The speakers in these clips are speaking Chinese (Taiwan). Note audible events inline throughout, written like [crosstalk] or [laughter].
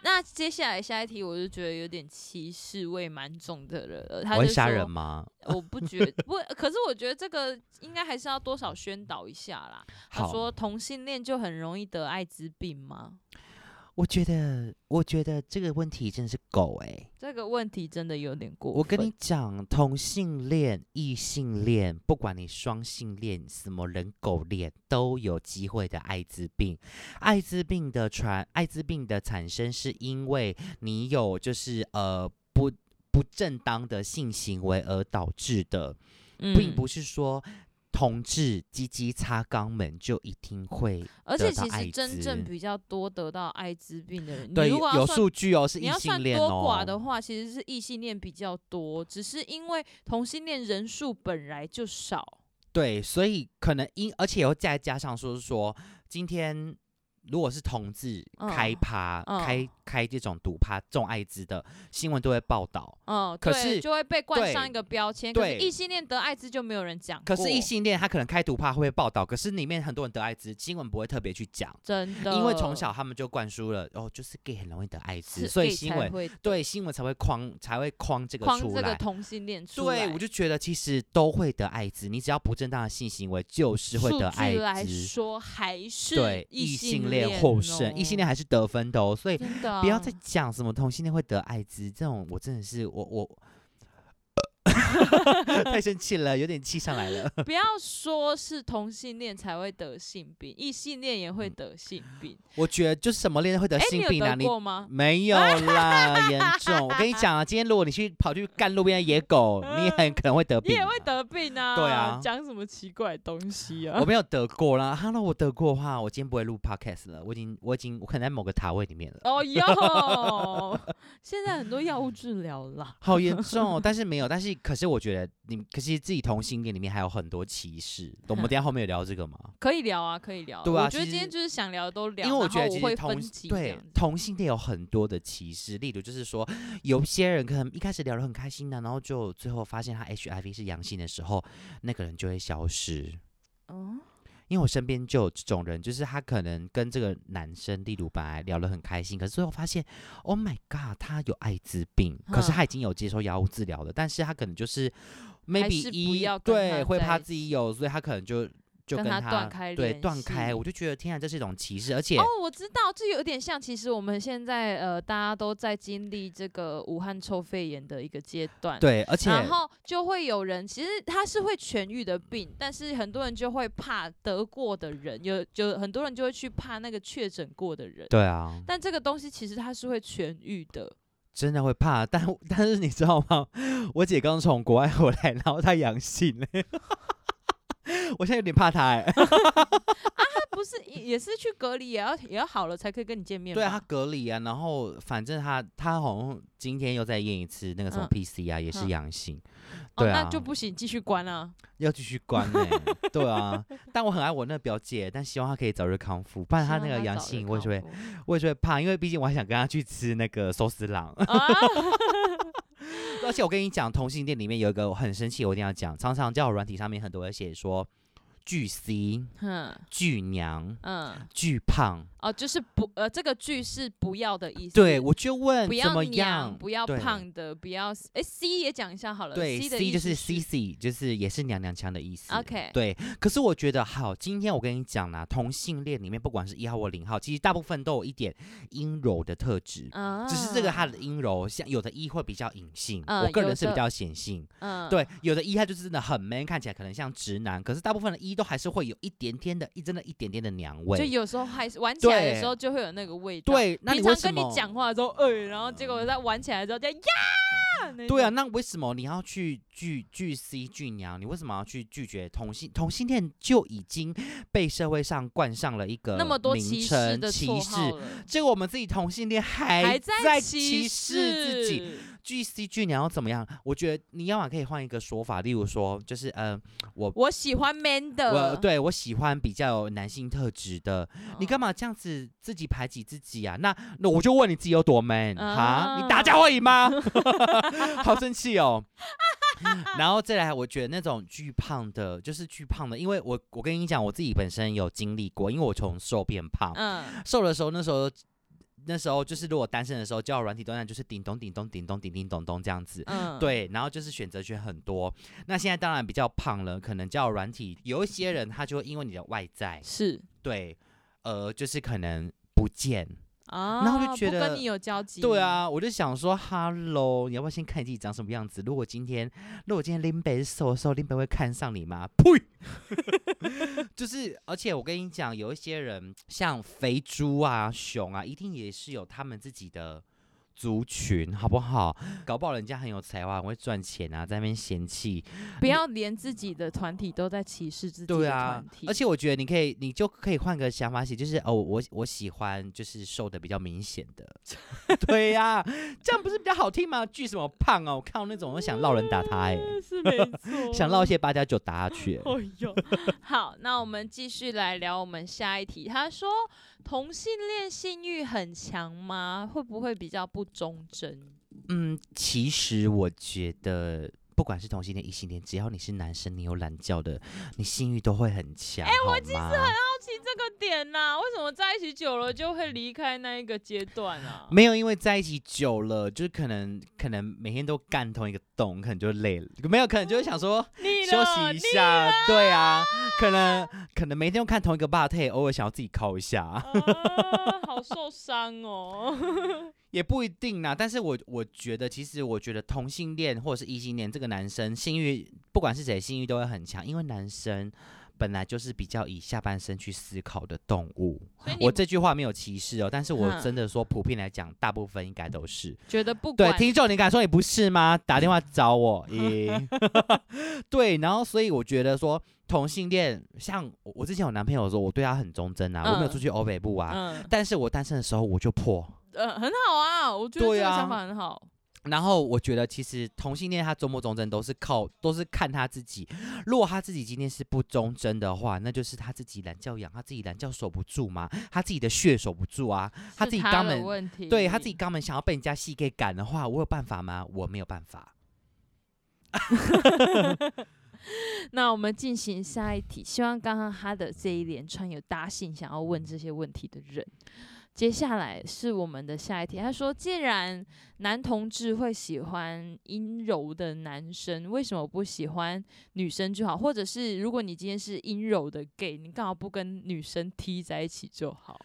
.那接下來下一題，我就覺得有點歧視味蠻重的了。他就說，我很嚇人嗎？我不覺得不，可是我覺得這個應該還是要多少宣導一下啦。好他說同性戀就很容易得艾滋病嗎？我覺得，我覺得這個問題真的是狗欸。這個問題真的有點過分。我跟你講，同性戀、異性戀，不管你雙性戀什麼人狗戀，都有機會的艾滋病。艾滋病的傳，艾滋病的產生是因為你有就是呃不不正當的性行為而導致的，並不是說。同志，雞雞擦肛門就一定會，而且其實真正比較多得到艾滋病的人，對，你要有數據哦，是異性戀哦，你要算多寡的話其實是異性戀比較多，只是因為同性戀人數本來就少，對，所以可能因，而且又再加上說是說今天，如果是同志開趴、開開這種毒趴中艾滋的新聞都會報道，嗯，對，可是就會被冠上一個標籤。對，可是異性戀得艾滋就沒有人講。可是異性戀他可能開毒趴會報道，可是裡面很多人得艾滋，新聞不會特別去講。真的，因為從小他們就灌輸了哦，就是 gay 很容易得艾滋，所以新聞對新聞才會框才會框這個出來同性戀。對，我就覺得其實都會得艾滋，你只要不正當的性行為就是會得艾滋。來說還是對異性戀。獲勝，異性戀還是得分的，哦，嗯、所以、啊、不要再講什麼同性戀會得艾滋這種，我真的是我我。我 [laughs] 太生氣了，有點氣上來了。不要說是同性戀才會得性病，異性戀也會得性病。嗯、我覺得就是什麼戀人會得性病啊、欸、你有得過嗎？你沒有啦，嚴 [laughs] 重。我跟你講啊，今天如果你去跑去幹路邊的野狗， [laughs] 你也很可能會得病，啊。你也會得病啊。對啊，講什麼奇怪東西啊？我沒有得過啦。哈嘍，我得過的話，我今天不會錄 podcast 了。我已經，我已經，我可能在某個塔位裡面了。哦喲，現在很多藥物治療啦，好嚴重、喔、但是沒有，但是可。是我覺得你，可惜自己同性戀裡面還有很多歧視，懂哼我們等下後面有聊這個嗎？可以聊啊，可以聊。對啊，我覺得今天就是想聊的都聊，因為我覺得其實同我會對同性戀有很多的歧視，例如就是說，有些人可能一開始聊的很開心的、啊，然後就最後發現他 HIV 是陽性的時候，那個人就會消失。哦。因為我身邊就有這種人，就是他可能跟這個男生，例如本來聊得很開心，可是最後發現，Oh my God，他有艾滋病，嗯、可是他已經有接受藥物治療了，但是他可能就是 Maybe 一，對，會怕自己有，所以他可能就。跟他，跟他斷開，對，斷開，我就覺得，天啊，這是一種歧視，而且哦，我知道，這有點像，其實我們現在呃，大家都在經歷這個武漢臭肺炎的一個階段，對，而且然後就會有人，其實他是會痊癒的病，但是很多人就會怕得過的人，有就很多人就會去怕那個確診過的人，對啊，但這個東西其實他是會痊癒的，真的會怕，但但是你知道嗎？我姐剛從國外回來，然後她陽性 [laughs] 我現在有點怕他哎，欸， [laughs] [laughs] 啊，他不是也是去隔離，也要也要好了才可以跟你見面。對啊，他隔離啊，然後反正他他好像今天又在驗一次那個什麼 PCR，嗯，也是陽性，啊欸，對啊，就不行，繼續關啊，要繼續關呢。對啊。但我很愛我那個表姐，但希望她可以早日康復。不然她那個陽性，我也會我也就會怕，因為畢竟我還想跟她去吃那個壽司郎。啊 [laughs] 而且我跟你講，同性戀裡面有一個我很生氣，我一定要講。常常叫我軟體上面很多人寫說巨 C，巨娘、嗯、巨胖。哦，就是不呃，這個句是不要的意思。對，我就問，怎麼樣？不要娘，不要胖的，不要。哎，C 也講一下好了。對，C 就是 C C，就是也是娘娘腔的意思。OK。對，可是我覺得，好，今天我跟你講啦，同性戀裡面，不管是一號或零號，其實大部分都有一點陰柔的特質。啊。只是這個他的陰柔，像有的一會比較隱性，我個人是比較顯性。嗯。對，有的一他就是真的很 man，看起來可能像直男，可是大部分的一都還是會有一點點的，一真的一點點的娘味。就有時候還是完全。對，有時候就會有那個味道。對，平常跟你講話的時候，哎、欸，然後結果在玩起來的時候，就、呃、呀。對啊，那為什麼你要去拒拒 C，拒 C 拒娘？你為什麼要去拒絕同性同性戀？就已經被社會上冠上了一個名稱，那麼多歧視的歧視。這個我們自己同性戀還在在歧視自己。GCG，你要怎麼樣？我覺得你要麼可以換一個說法，例如說，就是嗯、呃，我我喜歡 man 的，我對我喜歡比較有男性特質的。哦、你幹嘛這樣子自己排擠自己啊？那那我就問你自己有多 man、嗯、哈，你打架會贏嗎？嗯、 [laughs] 好生氣哦。 [laughs] 然後再來，我覺得那種巨胖的，就是巨胖的，因為我我跟你講，我自己本身有經歷過，因為我從瘦變胖，嗯，瘦的時候那時候。那時候就是如果單身的時候，交友軟體對象，就是叮咚叮咚叮咚叮咚叮咚叮咚、叮咚、叮咚、叮咚這樣子，嗯、對，然後就是選擇權很多。那現在當然比較胖了，可能交友軟體有一些人他就會因為你的外在是，對，呃，就是可能不見。啊，oh, 然後就覺得跟你有交集，對啊，我就想說，哈嘍，你要不要先看你自己長什麼樣子？如果今天，如果今天林北是瘦的時候，林北會看上你嗎？呸！ [laughs] [laughs] 就是，而且我跟你講，有一些人像肥豬啊、熊啊，一定也是有他們自己的。族群，好不好？搞不好人家很有才華，很會賺錢啊，在那邊嫌棄。不要連自己的團體都在歧視自己的團體。對啊，而且我覺得你可以，你就可以換個想法寫，就是哦，我我喜歡就是瘦的比較明顯的。 [laughs] 對呀、啊，這樣不是比較好聽嗎？拒 [laughs] 什麼胖啊？我看到那種，我想烙人打他哎，欸，是沒錯， [laughs] 想烙一些八加九打去。哎、 [laughs] 哦、呦，好，那我們繼續來聊我們下一題。他說。同性戀性欲很強嗎？會不會比較不忠貞？嗯，其實我覺得。不管是同性戀、異性戀，只要你是男生，你有懶覺的，你性欲都會很強。哎、欸，嗎我其實很好奇這個點吶、啊，為什麼在一起久了就會離開那一個階段啊？沒有，因為在一起久了，就是可能可能每天都幹同一個洞，可能就累了。沒有，可能就是想說 [laughs] 的休息一下。的對啊，可能可能每天都看同一個吧，他也偶爾想要自己靠一下，啊、 [laughs] 好受傷哦。 [laughs] 也不一定啦，啊、但是我我覺得，其實我覺得同性戀或者是異性戀，這個男生性欲不管是誰，性欲都會很強，因為男生本來就是比較以下半身去思考的動物。以我這句話沒有歧視哦，但是我真的說，嗯、普遍來講，大部分應該都是。覺得不管？對，聽眾，你敢說你不是嗎？打電話找我。對，然後所以我覺得說同性戀，像我我之前有男朋友的時候，我對他很忠貞啊，嗯、我沒有出去歐北部啊，嗯、但是我單身的時候我就破。呃，很好啊，我覺得這個想法很好。啊，然後我覺得其實同性戀他忠不忠貞都是靠，都是看他自己。如果他自己今天是不忠貞的話，那就是他自己懶教養，他自己懶教守不住嘛，他自己的血守不住啊，是 他自己肛門問題，對，他自己肛門想要被人家戲給趕的話，我有辦法嗎？我沒有辦法。 [laughs] [laughs] [laughs] 那我們進行下一題，希望剛剛他的這一連串有答信想要問這些問題的人。接下來是我們的下一題。他說：“既然男同志會喜歡陰柔的男生，為什麼不喜歡女生就好？或者是如果你今天是陰柔的 gay，你幹嘛不跟女生踢在一起就好？”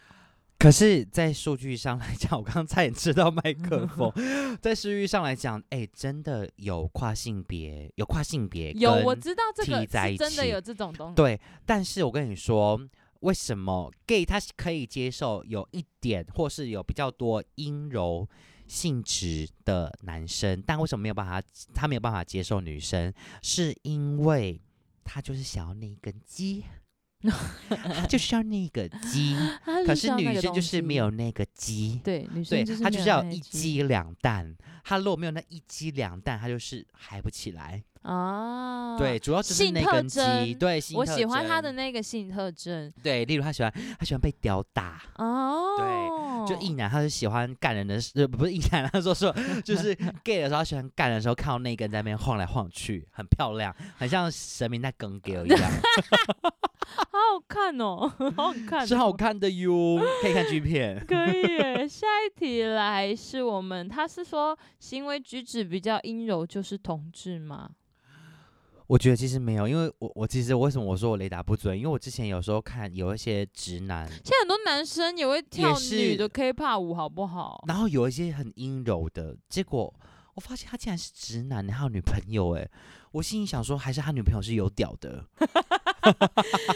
可是，在數據上來講，我剛剛才也吃到麥克風。 [laughs] 在私域上來講，哎、欸，真的有跨性別，有跨性別，有我知道這個真的有這種東西。對，但是我跟你說。為什麼 gay 他是可以接受有一點或是有比較多陰柔性質的男生，但為什麼沒有辦法他他沒有辦法接受女生，是因為他就是想要那一根雞？就是要那個雞，可是女生就是沒有那個雞，對，女生她就是要一雞兩蛋，她若沒有那一雞兩蛋，她就是嗨不起來啊。對，主要只是那個雞，對，我喜歡她的那個性特徵。對，例如她喜歡她喜歡被屌打，哦，對，就異男，他是喜歡幹人的，不是異男，他說說就是 gay 的時候，他喜歡幹人的時候，看到那根在那邊晃來晃去，很漂亮，很像神明在更牛一樣。 [laughs] 好好看哦，好好看哦，是好看的喲，可以看 G 片。 [laughs] 可以，下一題來是我們，他是說行為舉止比較陰柔就是同志嗎？我覺得其實沒有，因為我我其實為什麼我說我雷達不準？因為我之前有時候看有一些直男，現在很多男生也會跳女的 K-pop 舞，好不好？然後有一些很陰柔的，結果我發現他竟然是直男，還有女朋友，哎。我心裡想說，還是他女朋友是有屌的， [laughs]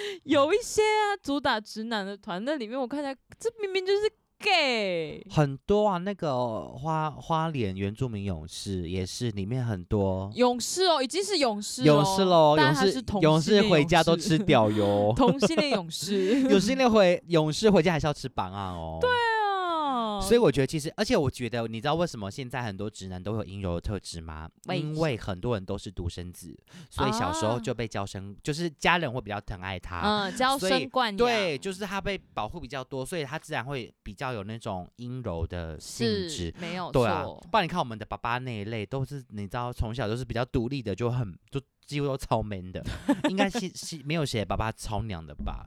[laughs] 有一些啊，主打直男的團那裡面，我看起來這明明就是 gay，很多啊。那個、哦、花、花蓮原住民勇士也是裡面很多勇士哦，已經是勇士、哦、勇士嘍，勇士勇士，勇士回家都吃屌油，同性戀勇士，同性戀回勇士回家還是要吃榜啊哦，對、啊。所以我覺得，其實，而且我覺得，你知道為什麼現在很多直男都有陰柔的特質嗎？Wait. 因為很多人都是獨生子，所以小時候就被嬌生，oh. 就是家人會比較疼愛他，嗯，嬌生慣養，對，就是他被保護比較多，所以他自然會比較有那種陰柔的性質。沒有錯，對啊，不然你看我們的爸爸那一類，都是你知道，從小都是比較獨立的，就很，就幾乎都超 man 的， [laughs] 應該是是沒有誰爸爸超娘的吧？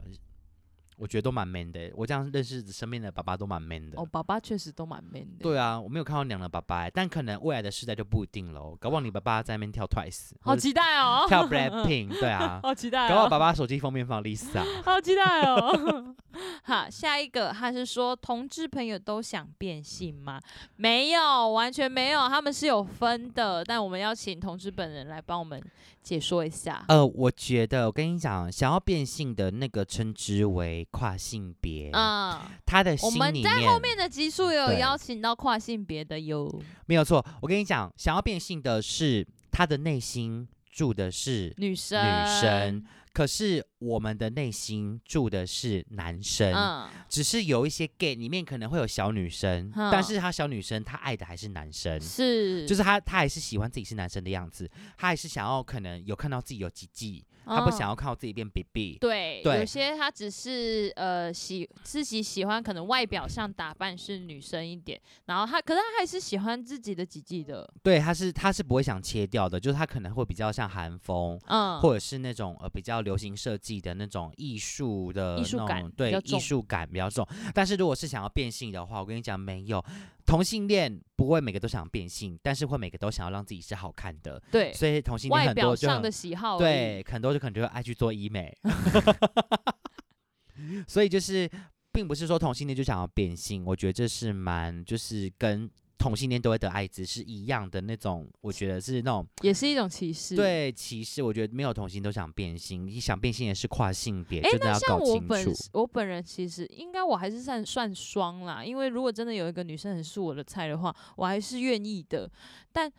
我覺得都蠻 man 的，我這樣認識身邊的爸爸都蠻 man 的。哦，爸爸確實都蠻 man 的。對啊，我沒有看到娘的爸爸、欸，但可能未來的世代就不一定了。搞不好你爸爸在那邊跳 Twice，好期待哦，跳 BLACKPINK， [laughs] 對啊，好期待。搞不好爸爸手機封面放 Lisa，好期待哦。好，爸爸方便方便好，下一個他是說同志朋友都想變性嗎？沒有，完全沒有，他們是有分的。但我們要請同志本人來幫我們解說一下。呃，我覺得我跟你講，想要變性的那個稱之為。跨性別啊，嗯、他的心裡面，我們在後面的集數有邀請到跨性別的喲，沒有錯。我跟你講，想要變性的是他的內心住的是女生，女生，可是我們的內心住的是男生。嗯、只是有一些 gay 裡面可能會有小女生，嗯、但是他小女生，他愛的還是男生，是，就是他他還是喜歡自己是男生的樣子，他還是想要可能有看到自己有幾季。哦、他不想要靠自己變 BB，對，對有些他只是呃喜自己喜，喜歡，可能外表上打扮是女生一點，然後他可是他還是喜歡自己的雞雞的，對，他是他是不會想切掉的，就是他可能會比較像韓風，嗯，或者是那種呃比較流行設計的那種藝術的那種，藝術感，對，藝術感比較重，但是如果是想要變性的話，我跟你講沒有。同性戀不會每個都想變性，但是會每個都想要讓自己是好看的。對，所以同性戀很多就很外表上的喜好，對，很多就可能就會愛去做醫美。 [laughs] [laughs] 所以就是，並不是說同性戀就想要變性，我覺得這是蠻就是跟。同性戀都會得艾滋，是一樣的那種。我覺得是那種，也是一種歧視。對，歧視。我覺得沒有同性都想變性，你想變性也是跨性別，誒就得要搞清楚我。我本人其實應該我還是算算雙啦，因為如果真的有一個女生很是我的菜的話，我還是願意的。但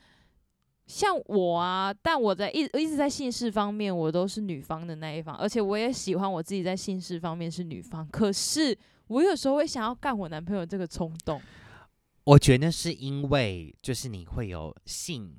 像我啊，但我在一一直在性事方面，我都是女方的那一方，而且我也喜歡我自己在性事方面是女方。可是我有時候會想要幹我男朋友這個衝動。嗯。我覺得是因為就是你會有性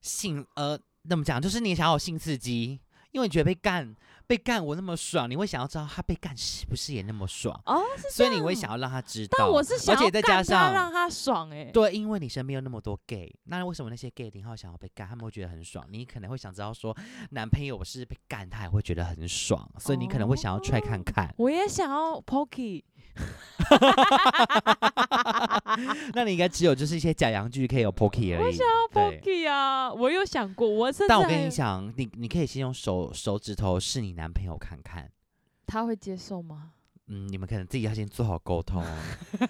性呃，那麼講？就是你想要性刺激，因為你覺得被幹被幹我那麼爽，你會想要知道他被幹是不是也那麼爽。哦，所以你會想要讓他知道。我是想要而且再加上他，讓他爽哎、欸，對，因為你身邊有那麼多 gay，那為什麼那些 gay 零號想要被幹，他們會覺得很爽？你可能會想知道說，男朋友不是被幹，他也會覺得很爽？哦，所以你可能會想要 try 看看。我也想要 pokey。 [laughs] [laughs] [laughs] 那你應該只有就是一些假陽具可以有 pokey 而已。我想要 pokey 啊！對我有想過，我真的，但我跟你講，嗯、你你可以先用手手指頭試你男朋友看看，他會接受嗎？嗯，你們可能自己要先做好溝通。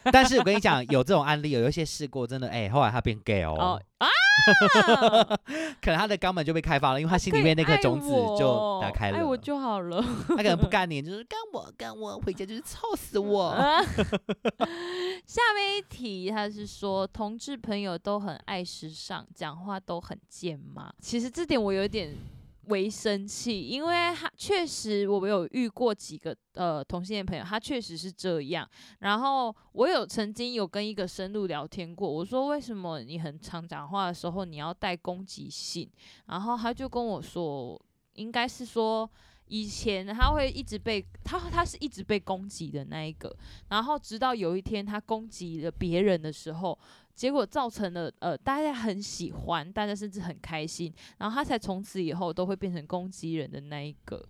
[laughs] 但是我跟你講，有這種案例，有一些試過，真的，哎、欸，後來他變 gay 哦，哦。啊！ [laughs] 可能他的肛門就被開發了，因為他心裡面那顆種子就打開了。愛我，愛我就好了。 [laughs] 他可能不幹你，就是幹我，幹我，回家就是臭死我。 [laughs] 下面一題，他是說同志朋友都很愛時尚，講話都很賤嘛。其實這點我有點。為生氣，因為他確實，我有遇過幾個呃同性戀朋友，他確實是這樣。然後我有曾經有跟一個深入聊天過，我說為什麼你很常講話的時候你要帶攻擊性？然後他就跟我說，應該是說以前他會一直被他，他是一直被攻擊的那一個。然後直到有一天他攻擊了別人的時候。結果造成了呃，大家很喜歡，大家甚至很開心，然後他才從此以後都會變成攻擊人的那一個。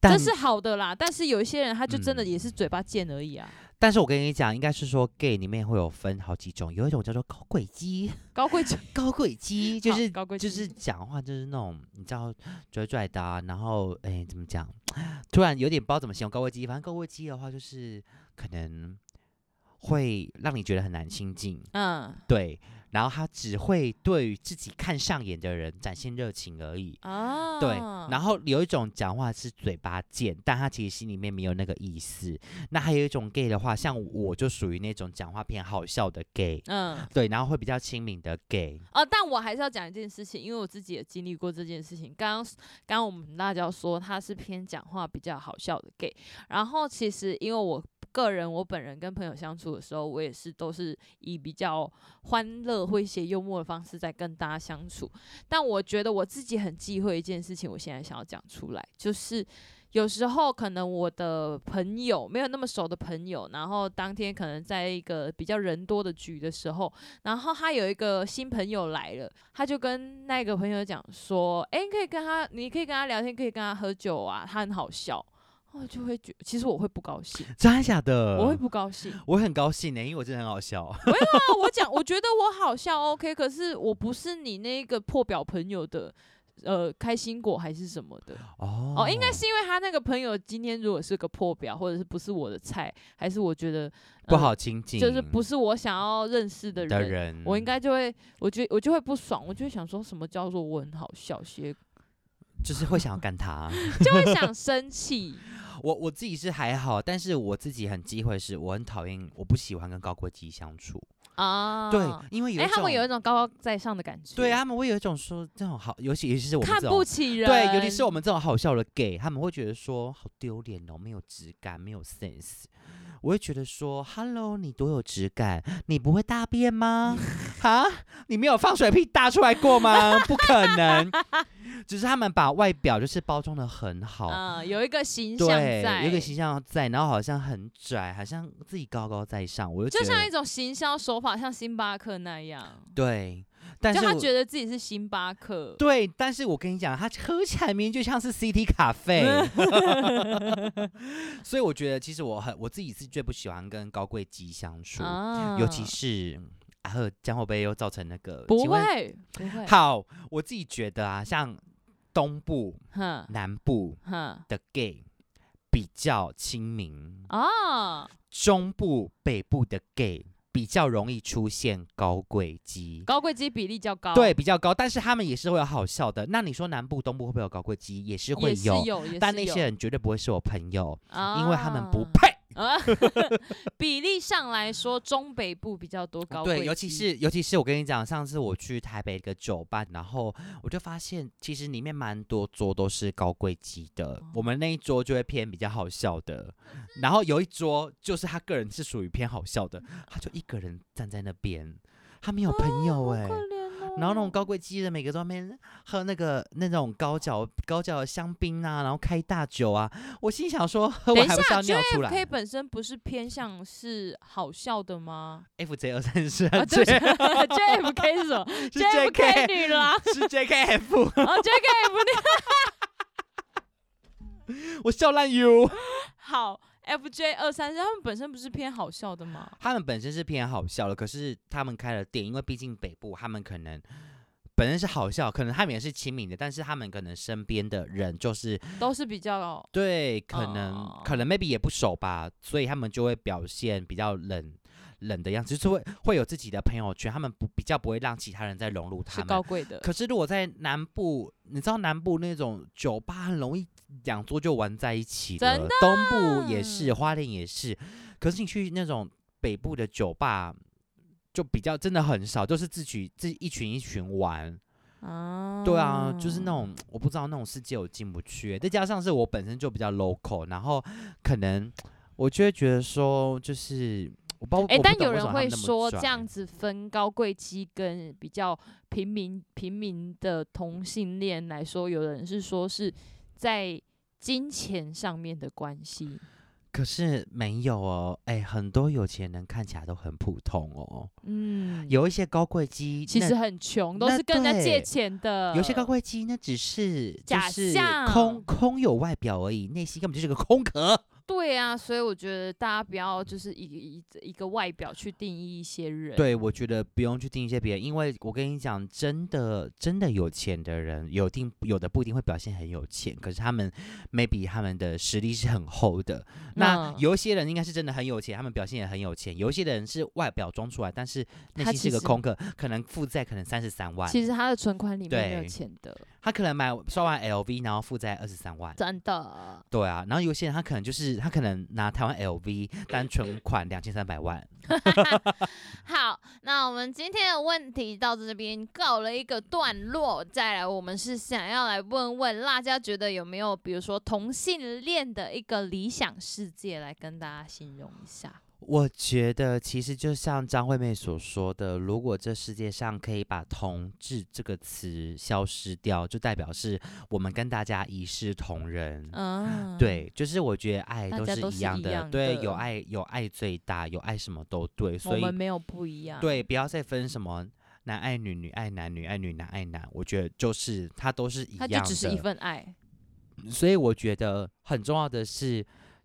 但是好的啦，但是有一些人他就真的也是嘴巴賤而已啊。嗯、但是我跟你講，應該是說 gay 裡面會有分好幾種，有一種叫做高，高貴雞、 [laughs] 就是，高貴雞，高貴雞就是就是講話就是那種你知道拽拽的、啊，然後哎怎麼講，突然有點不知道怎麼形容高貴雞，反正高貴雞的話就是可能。會讓你覺得很難親近，嗯，對，然後他只會對自己看上眼的人展現熱情而已，哦、啊，對，然後有一種講話是嘴巴賤，但他其實心裡面沒有那個意思。那還有一種 gay 的話，像我就屬於那種講話偏好笑的 gay，嗯，對，然後會比較親民的 gay。哦、啊，但我還是要講一件事情，因為我自己也經歷過這件事情。剛剛剛剛我們辣椒說他是偏講話比較好笑的 gay，然後其實因為我。個人，我本人跟朋友相處的時候，我也是都是以比較歡樂、詼諧、幽默的方式在跟大家相處。但我覺得我自己很忌諱一件事情，我現在想要講出來，就是有時候可能我的朋友沒有那麼熟的朋友，然後當天可能在一個比較人多的局的時候，然後他有一個新朋友來了，他就跟那個朋友講說：“誒、欸，你可以跟他，你可以跟他聊天，可以跟他喝酒啊，他很好笑。”我就會覺，其實我會不高興。真的假的？我會不高興，我會很高興呢、欸，因為我真的很好笑。沒有啊，我講，我覺得我好笑，OK。可是我不是你那個破表朋友的，呃，開心果還是什麼的哦。哦，應該是因為他那個朋友今天如果是個破表，或者是不是我的菜，還是我覺得、呃、不好親近，就是不是我想要認識的人，的人我應該就會，我就我就會不爽，我就會想說什麼叫做我很好笑些，就是會想要幹他， [laughs] 就會想生氣。 [laughs] 我我自己是還好，但是我自己很忌諱，是我很討厭，我不喜歡跟高科技相處啊。Oh，對，因為有哎、欸，他們有一種高高在上的感覺。對，他們會有一種說這種好，尤其尤其是我看不起人。對，尤其是我們這種好笑的 gay，他們會覺得說好丟臉哦，沒有質感，沒有 sense。我會覺得說，Hello，你多有質感，你不會大便嗎？哈， [laughs] 你沒有放水屁大出來過嗎？ [laughs] 不可能， [laughs] 只是他們把外表就是包裝得很好，嗯、呃，有一個形象在，有一個形象在，然後好像很拽，好像自己高高在上，我就覺得就像一種行銷手法，像星巴克那樣，對。但是就他覺得自己是星巴克，對，但是我跟你講，他喝起來明明就像是 City 咖啡。 [laughs] [laughs] [laughs] 所以我覺得其實我很我自己是最不喜歡跟高貴雞相處，啊、尤其是然後將會不會又造成那個不會問不會好，我自己覺得啊，像東部、嗯、南部的 gay 比較親民啊，中部北部的 gay。比較容易出現高貴肌，高貴肌比例較高，對，比較高。但是他們也是會有好笑的。那你說南部、東部會不會有高貴肌？也是會有，有，有，但那些人絕對不會是我朋友，啊，因為他們不配。啊， [laughs] 比例上來說，中北部比較多高貴，對，尤其是尤其是我跟你講，上次我去台北一個酒吧，然後我就發現，其實裡面蠻多桌都是高貴級的，哦、我們那一桌就會偏比較好笑的，然後有一桌就是他個人是屬於偏好笑的，他就一個人站在那邊，他沒有朋友哎、欸。哦然後那種高貴階級的每個妝面喝那個那種高腳高腳的香檳啊，然後開大酒啊，我心想說，我還不是要尿出來。等一下，JFK 本身不是偏向是好笑的嗎？FJ 二三十，JFK 是什麼？JFK 女郎？是 JKF？哦，JKF，我笑爛油。好。FJ 二三三，J、3，他們本身不是偏好笑的嗎？他們本身是偏好笑的，可是他們開了店，因為畢竟北部，他們可能本身是好笑，可能他們也是親民的，但是他們可能身邊的人就是都是比較對，可能、呃、可能 maybe 也不熟吧，所以他們就會表現比較冷。冷的樣子，就是會會有自己的朋友圈，他們不比較不會讓其他人再融入他們。是高貴的。可是如果在南部，你知道南部那種酒吧很容易兩桌就玩在一起的，東部也是，花蓮也是。可是你去那種北部的酒吧，就比較真的很少，都、就是自己自己一群一群玩，oh. 對啊，就是那種我不知道那種世界我進不去。再加上是我本身就比較 local，然後可能我就會覺得說就是。欸，但有人會說這樣子分高貴基跟比較平民平民的同性戀來說，有人是說是在金錢上面的關係。可是沒有哦、欸，很多有錢人看起來都很普通哦。嗯，有一些高貴基其實很窮，那都是跟人家借錢的。有些高貴基那只是、就是、假象，空空有外表而已，內心根本就是個空殼。對呀、啊，所以我覺得大家不要就是一一一個外表去定義一些人。對，我覺得不用去定義一些別人，因為我跟你講，真的真的有錢的人，有定有的不一定會表現很有錢，可是他們 maybe 他們的實力是很厚的。那、嗯、有一些人應該是真的很有錢，他們表現也很有錢。有一些人是外表裝出來，但是內心是個空殼，可能負債可能三十三萬。其實他的存款裡面對沒有錢的。他可能買刷完 LV，然後負債二十三萬。真的、啊。對啊，然後有些人他可能就是。他可能拿台灣 LV 單存款兩千三百萬。 [laughs] 好，那我們今天的問題到這邊告了一個段落，再來我們是想要來問問大家，覺得有沒有比如說同性戀的一個理想世界來跟大家形容一下。我覺得其實就像張惠妹所說的，如果這世界上可以把“同志”這個詞消失掉，就代表是我們跟大家一視同仁。嗯、對，就是我覺得愛都是一樣的，大家都是一樣的。對，有愛有愛最大，有愛什麼都對，所以，我們沒有不一樣。對，不要再分什麼男愛女、女愛男、女愛女、男愛男。我覺得就是它都是一樣的，它就只是一份愛。所以我覺得很重要的是，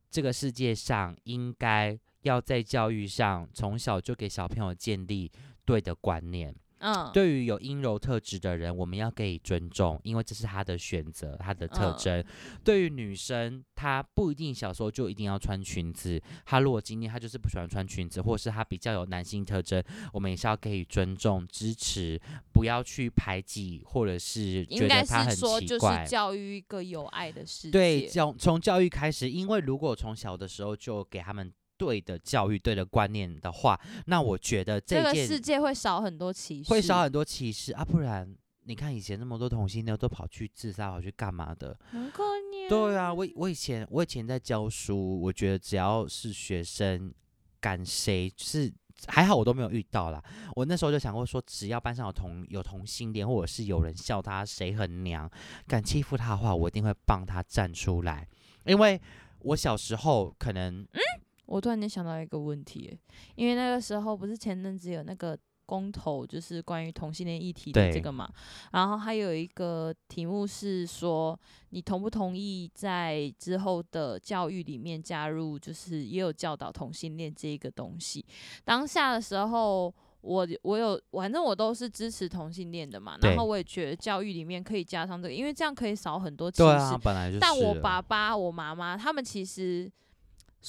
這個世界上應該。要在教育上，從小就給小朋友建立對的觀念。嗯，對於有陰柔特質的人，我們要給予尊重，因為這是他的選擇，他的特徵。嗯，對於女生，她不一定小時候就一定要穿裙子。她如果今天她就是不喜歡穿裙子，或者是她比較有男性特徵，我們也是要給予尊重、支持，不要去排擠，或者是覺得她很奇怪。教育一個有愛的世界。對，從教育開始，因為如果從小的時候就給他們。對的教育，對的觀念的話，那我覺得這，這個世界會少很多歧視，會少很多歧視啊！不然你看以前那麼多同性戀都跑去自殺，跑去幹嘛的？很可憐。對啊，我我以前我以前在教書，我覺得只要是學生敢誰是還好，我都沒有遇到啦。我那時候就想過說，只要班上有同有同性戀，或者是有人笑他誰很娘，敢欺負他的話，我一定會幫他站出來，因為我小時候可能嗯。我突然間想到一個問題欸，因為那個時候不是前陣子有那個公投，就是關於同性戀議題的這個嘛，對然後還有一個題目是說，你同不同意在之後的教育裡面加入，就是也有教導同性戀這一個東西。當下的時候我，我我有，反正我都是支持同性戀的嘛，對然後我也覺得教育裡面可以加上這個，因為這樣可以少很多歧視。對啊，本來就是。但我爸爸、我媽媽他們其實。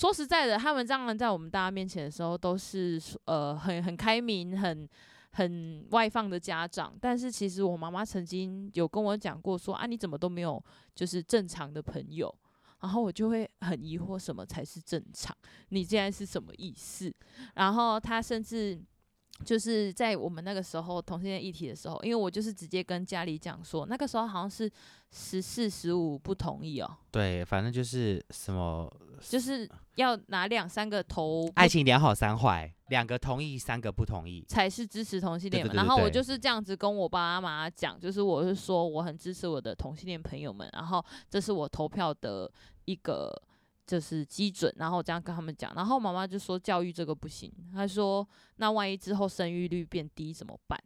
說實在的，他們這樣在我們大家面前的時候，都是呃很很開明、很很外放的家長。但是其實我媽媽曾經有跟我講過說，說啊，你怎麼都沒有就是正常的朋友？然後我就會很疑惑，什麼才是正常？你現在是什麼意思？然後她甚至。就是在我們那個時候同性戀議題的時候，因為我就是直接跟家裡講說，那個時候好像是十四、十五不同意哦、喔。對，反正就是什麼，就是要拿兩三個投，愛情兩好三壞，兩個同意三個不同意，才是支持同性戀。對對對對對。然後我就是這樣子跟我爸媽講，就是我是說我很支持我的同性戀朋友們，然後這是我投票的一個。就是基準，然後這樣跟他們講，然後媽媽就說，教育這個不行，她說那萬一之後生育率變低怎麼辦？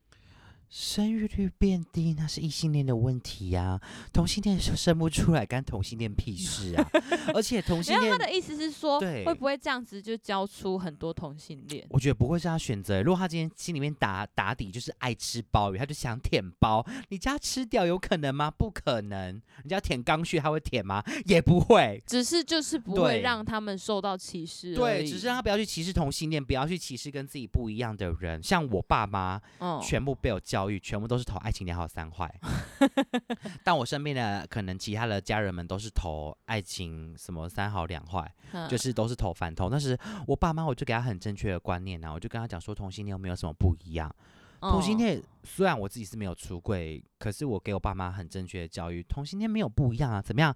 生育率變低，那是異性戀的問題呀。同性戀生不出來，幹同性戀屁事啊！ [laughs] 而且同性戀，然後他的意思是說，對會不會這樣子就教出很多同性戀？我覺得不會是他選擇。如果他今天心裡面打打底就是愛吃鮑魚，他就想舔鮑。你家吃掉有可能嗎？不可能。你家舔剛需他會舔嗎？也不會。只是就是不會對讓他們受到歧視。對，只是讓他不要去歧視同性戀，不要去歧視跟自己不一樣的人。像我爸媽，哦、全部被我教。教育全部都是投愛情兩好三壞， [laughs] 但我身邊的可能其他的家人們都是投愛情什麼三好兩壞， [laughs] 就是都是投反投。那時我爸媽，我就給他很正確的觀念呢、啊，我就跟他講說同性戀又沒有什麼不一樣？哦、同性戀雖然我自己是沒有出櫃，可是我給我爸媽很正確的教育，同性戀沒有不一樣啊？怎麼樣？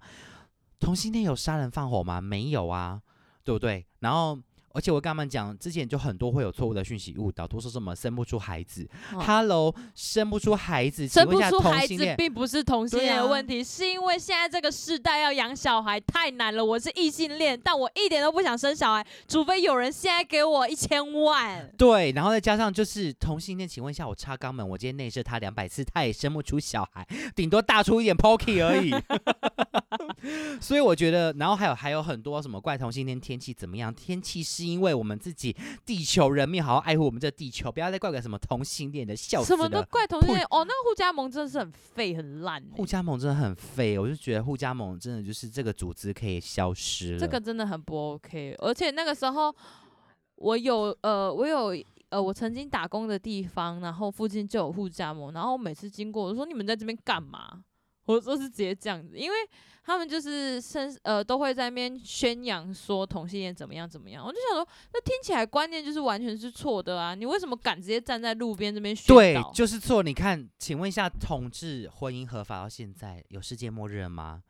同性戀有殺人放火嗎？沒有啊，對不對？然後。而且我跟他們講，之前就很多會有錯誤的訊息誤導，都是什麼生不出孩子，哦、，Hello，生不出孩子。生不出孩子並不是同性戀的問題，啊、是因為現在這個世代要養小孩太難了。我是異性戀，但我一點都不想生小孩，除非有人現在給我一千萬。對，然後再加上就是同性戀，請問一下，我插肛門，我今天內射他兩百次，他也生不出小孩，頂多大出一點 pokey 而已。 [laughs] [laughs] 所以我覺得，然後還有還有很多什麼怪同性戀，天氣怎麼樣？天氣是。因為我們自己地球人民，好好愛護我們這地球，不要再怪怪什麼同性戀的笑死了，什麼都怪同性戀噗 哦。那個、護家盟真的是很廢，很爛、欸。護家盟真的很廢，我就覺得護家盟真的就是這個組織可以消失這個真的很不 OK。而且那個時候，我有呃，我有呃，我曾經打工的地方，然後附近就有護家盟，然後每次經過，我就說你們在這邊幹嘛？我都是直接這樣子，因為他們就是生呃，都會在那邊宣揚說同性戀怎麼樣怎麼樣，我就想說，那聽起來觀念就是完全是錯的啊！你為什麼敢直接站在路邊這邊宣導？對，就是錯。你看，請問一下，同志婚姻合法到現在有世界末日了嗎？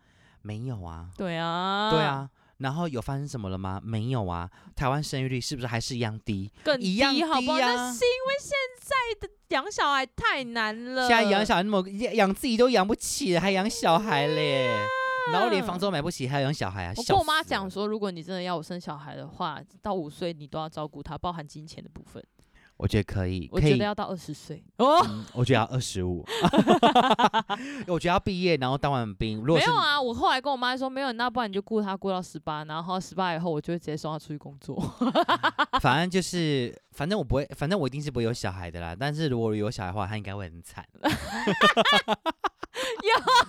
沒有啊。對啊，對啊。然後有發生什麼了嗎？沒有啊，台灣生育率是不是還是一樣低？更低，好不好？啊、那是因為現在的養小孩太難了。現在養小孩，那麼養自己都養不起了，還養小孩嘞？Yeah. 然後連房子都買不起，還要養小孩啊？我跟我媽講說，如果你真的要我生小孩的話，到五歲你都要照顧他，包含金錢的部分。我覺得可以，可以。我覺得要到二十歲哦，我覺得要二十五， [laughs] [laughs] 我覺得要畢業，然後當完兵。如果沒有啊，我後來跟我媽說，沒有，那不然你就僱她僱到十八，然後十八以後我就會直接送她出去工作。 [laughs] 反正就是，反正我不會，反正我一定是不會有小孩的啦。但是如果有小孩的話，他應該會很慘。 [laughs] [laughs] 有。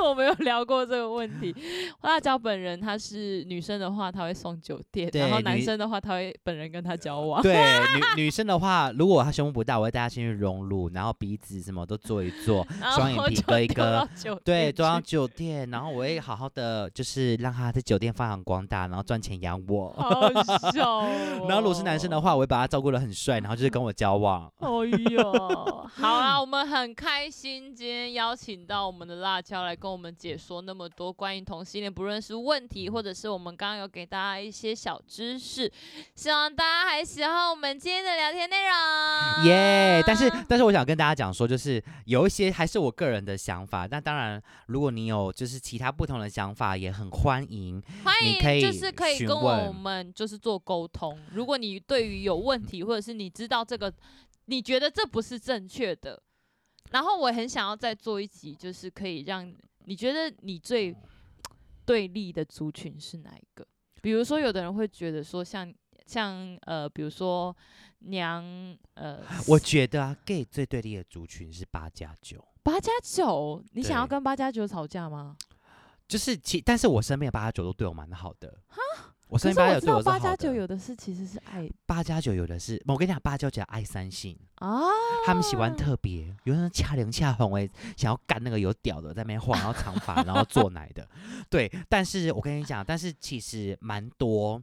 我沒有聊過這個問題。辣椒本人，她是女生的話，他會送酒店；對然後男生的話，他會本人跟他交往。對， [laughs] 女女生的話，如果他胸部不大，我會帶他先去隆乳，然後鼻子什麼都做一做，雙 [laughs] 然後 眼皮割 [laughs] 一割，對，裝要酒店。然後我會好好的，就是讓他在酒店發揚光大，然後賺錢養我。好笑、哦、 [laughs] 然後如果是男生的話，我會把他照顧得很帥，然後就是跟我交往。哎、 [laughs] 哦、呦，好啊，我們很開心，今天邀請到我們的辣椒來共。我們解說那麼多關於同性戀，不論是問題，或者是我們剛剛有給大家一些小知識，希望大家還喜歡我們今天的聊天內容。耶！Yeah, 但是，但是我想跟大家講說，就是有一些還是我個人的想法。那當然，如果你有就是其他不同的想法，也很歡迎，歡迎就是可以跟我們就是做溝通。如果你對於有問題，或者是你知道這個，你覺得這不是正確的，然後我很想要再做一集，就是可以讓。你覺得你最對立的族群是哪一個？比如說，有的人會覺得說像，像像呃，比如說娘呃，我覺得啊，gay 最對立的族群是八加九。八加九，九？你想要跟八加九吵架嗎？就是其，但是我身邊的八加九都對我蠻好的。哈我身八八加九，有的是，的有的是其實是愛八加九，有的是我跟你講八加九愛三性啊，他們喜歡特別，有人掐零掐我圍，想要幹那個有屌的，在那邊晃到，然後長髮，然後做奶的，對。但是我跟你講，但是其實蠻多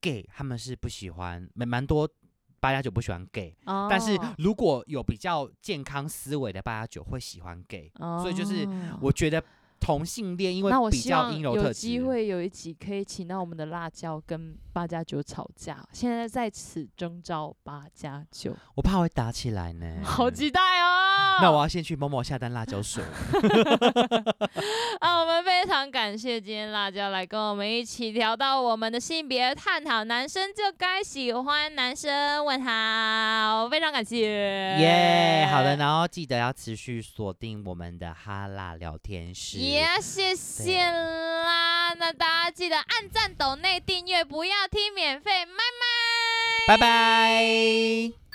gay，他們是不喜歡，蠻蠻多八加九不喜歡 gay，、哦、但是如果有比較健康思維的八加九會喜歡 gay，、哦、所以就是我覺得。同性戀，因為比較陰柔特質。那我希望有機會有一集可以請到我們的辣椒跟八加九吵架。現在在此徵召八加九，我怕會打起來呢。好期待哦！那我要先去摸摸下單辣椒水。 [laughs] [laughs] [laughs] 啊，我們非常感謝今天辣椒來跟我們一起聊到我們的性別探討，男生就該喜歡男生。問好，我非常感謝。耶，yeah, 好的，然後記得要持續鎖定我們的哈辣聊天室。耶，yeah, 謝謝啦，對那大家記得按讚、抖內訂閱，不要聽免費賣賣。拜拜。Bye bye